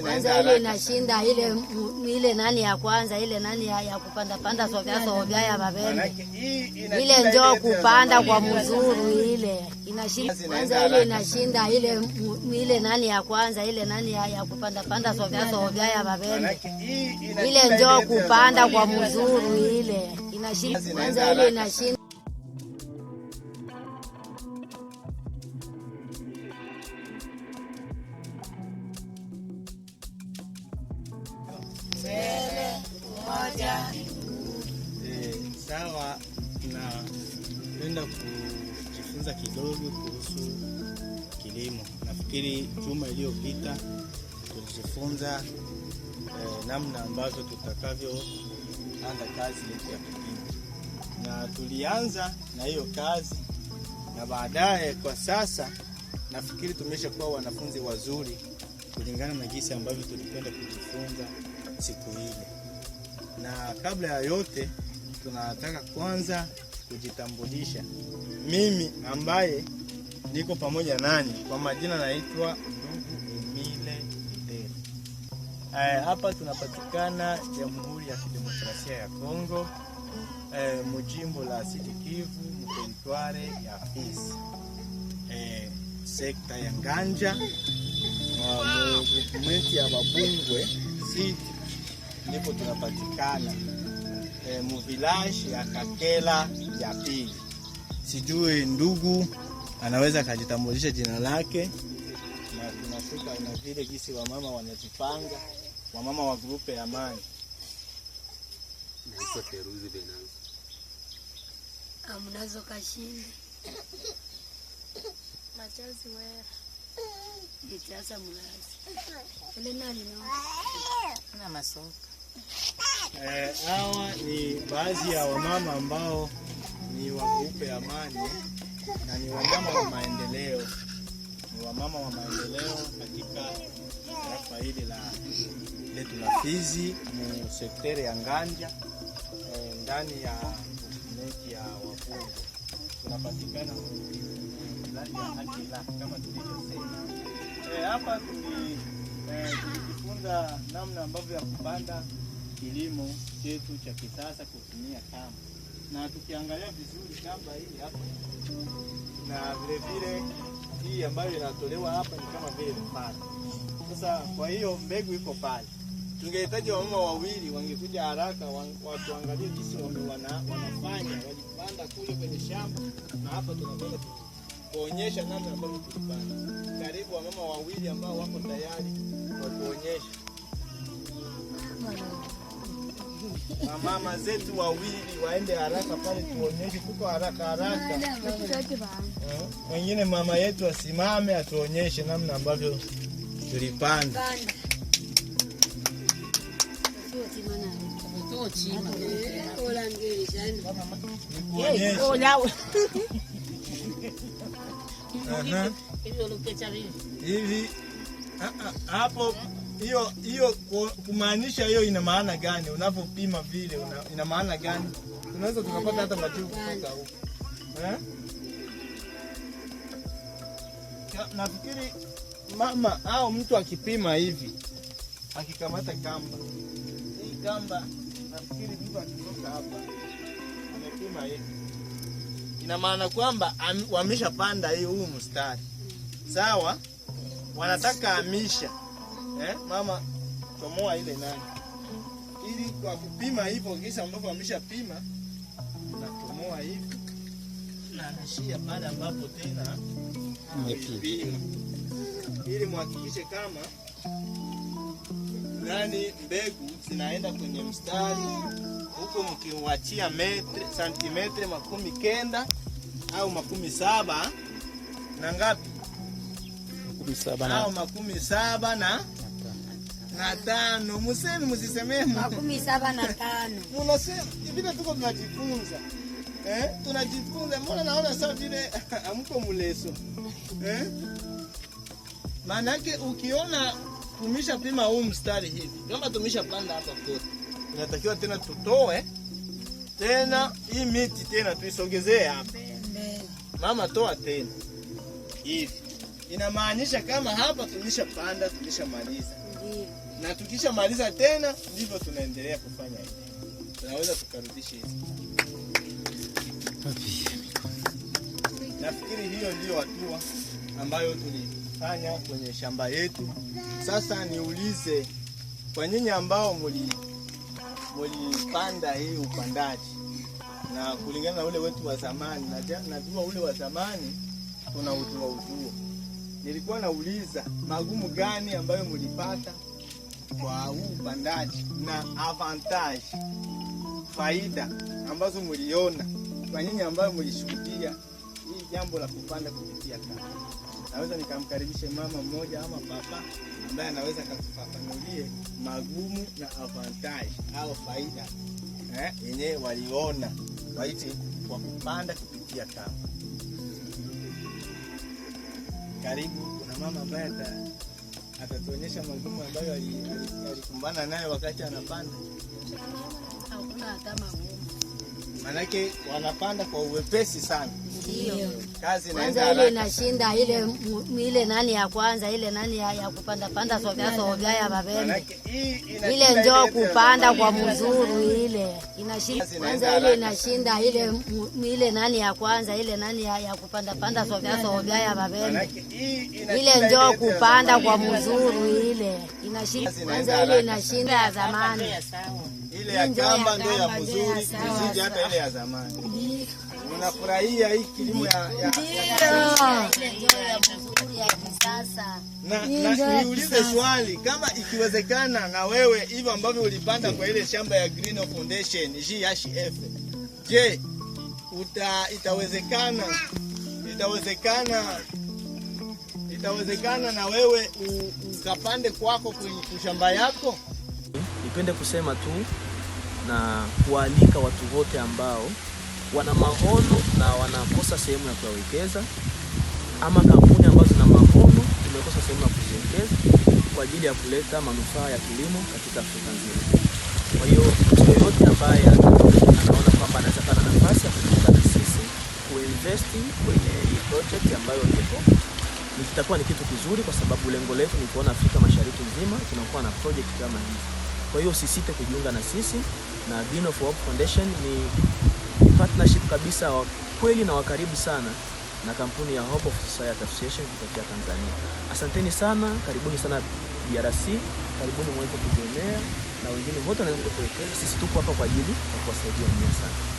Kwanza ile inashinda ile ile nani ya kwanza ile nani ya, ya kupanda panda sovya sovya ya mabembe ile njoo kupanda kwa mzuri ile inashinda kwanza ile inashinda ile ile nani ya kwanza ile nani ya, ya kupanda panda sovya sovya ya mabembe ile njoo kupanda kwa mzuri ile inashinda kwanza ile inashinda ningependa kujifunza kidogo kuhusu kilimo. Nafikiri juma iliyopita tulijifunza eh, namna ambavyo tutakavyoanza kazi yetu ya kilimo, na tulianza na hiyo kazi, na baadaye kwa sasa nafikiri tumesha kuwa wanafunzi wazuri kulingana na jinsi ambavyo tulipenda kujifunza siku ile, na kabla ya yote tunataka kwanza kujitambulisha, mimi ambaye niko pamoja nanyi, kwa majina naitwa ndugu Emile Ndere. Eh, hapa tunapatikana Jamhuri ya Kidemokrasia ya Kongo, eh, mujimbo la Sud Kivu, mteritware ya Fizi, eh, sekta ya Nganja muguvumenti ya Babungwe Sud ndipo tunapatikana eh, muvilaji ya Kakela ya pili. Sijui ndugu anaweza akajitambulisha jina lake, na tunafika na vile gisi wamama wanajipanga, wamama wa grupe ya Amani. amnazo ah, Kashindi Machozi Wera Itasa Mulazi Elena na Masoka Eh, hawa e, ni baadhi ya wamama ambao ni wageupe amani na ni wamama wa maendeleo, ni wamama wa maendeleo katika tarafa hili la letu la Fizi, ni sekteri ya Nganja e, ndani ya guvumenti ya Wafungo tunapatikana ndani ya Akila kama tulivyosema eh, hapa. E, tulijifunza namna ambavyo ya kupanda kilimo chetu cha kisasa kutumia kamba, na tukiangalia vizuri kamba hii hapa na vilevile hii ambayo inatolewa hapa ni kama vile mfano sasa. Kwa hiyo mbegu iko pale, tungehitaji wamama wawili wangekuja haraka watuangalie jinsi wana, wanafanya walipanda kule kwenye shamba, na hapa tunakwenda kuonyesha namna ambavyo tulipanda. Karibu wamama wawili ambao wako tayari watuonyesha wamama zetu wawili waende haraka pale, tuonyeshe kuko haraka haraka. Eh, wengine mama yetu asimame atuonyeshe namna ambavyo tulipanda. Hivi ah, ah, hapo hiyo hiyo kumaanisha hiyo ina maana gani? Unapopima vile una, ina maana gani? Tunaweza tukapata hata majibu kutoka huko eh? Nafikiri mama au mtu akipima hivi akikamata kamba hii kamba, nafikiri mtu akitoka hapa amepima hivi, ina maana kwamba wameshapanda hii huu mstari sawa, wanataka amisha Eh, mama tomoa ile nani ili kwa kupima hivyo, kisha ambapo ameshapima na tomoa hivi na anashia pale ambapo tena amepima, ili muhakikishe kama nani mbegu zinaenda kwenye mstari huko, mkiwachia metre santimetre makumi kenda au makumi saba na ngapi? Makumi saba na au makumi saba na na tano museme musisemee makumi saba na tano munasema vile tuko tunajifunza eh? tunajifunza mbona naona saa vile amko muleso eh? maanake ukiona tumisha pima huu mstari hivi kama tumisha panda hapa kote natakiwa tena tutoe tena hii miti tena tuisogezee hapa mama toa tena hivi inamaanisha kama hapa tumisha panda tumisha maliza. Ndiyo na tukisha maliza tena, ndivyo tunaendelea kufanya hivi, tunaweza tukarudisha hizi. Nafikiri hiyo ndiyo hatua ambayo tulifanya kwenye shamba yetu. Sasa niulize kwa nyinyi ambao mulipanda muli hii upandaji na kulingana na ule wetu wa zamani, najua ule wa zamani utuo nilikuwa nauliza magumu gani ambayo mulipata kwa upandaji na avantage faida ambazo mliona kwa nyinyi ambayo mlishuhudia hii jambo la kupanda kupitia kaa Naweza nikamkaribishe mama mmoja ama baba ambaye anaweza akatufafanulie magumu na avantage au faida yenyewe eh, waliona waiti kwa kupanda kupitia kaa Karibu, kuna mama ambaye atatuonyesha magumu ambayo alikumbana naye wakati anapanda. Hakuna hata magumu. Manake wanapanda kwa uwepesi sana. Ndio. Kazi inaenda ile inashinda ile ile nani ya kwanza ile nani ya, ya kupanda panda sogea sogea ya mabembe. Ile njoo kupanda kwa mzuru ile inashinda kwanza ile inashinda ile ile nani ya kwanza ile nani ya, ya kupanda panda sogea sogea ya mabembe. Ile njoo kupanda kwa mzuru ile inashinda kwanza ile inashinda ya zamani ile ya kamba ndio ya mzuri kuzidi hata ile ya zamani. Unafurahia hii kilimo ya ya na niulize swali kama ikiwezekana, na wewe hivyo ambavyo ulipanda kwa ile shamba ya Green Foundation GHF, je, uta itawezekana itawezekana itawezekana na wewe ukapande kwako kwenye shamba yako? Nipende kusema tu na kuwaalika watu wote ambao wana maono na wanakosa sehemu ya kuyawekeza, ama kampuni ambazo zina maono zimekosa sehemu ya kuziwekeza kwa ajili ya kuleta manufaa ya kilimo katika Afrika nzima. Kwa hiyo mtu yoyote ambaye anaona kwamba anaweza kuwa nafasi ya kujiunga na sisi kuinvest kwenye hii project ambayo ndipo itakuwa ni kitu kizuri, kwa sababu lengo letu ni kuona Afrika Mashariki nzima tunakuwa na project kama hizi. Kwa hiyo usisite kujiunga na sisi na Bean of Hope Foundation ni partnership kabisa wa kweli na wakaribu sana na kampuni ya Hope of Society Association kutokea Tanzania. Asanteni sana, karibuni sana DRC, karibuni mweze kujionea na wengine wote wanaweza kutuelekea. Sisi tuko hapa kwa ajili ya kuwasaidia nyinyi sana.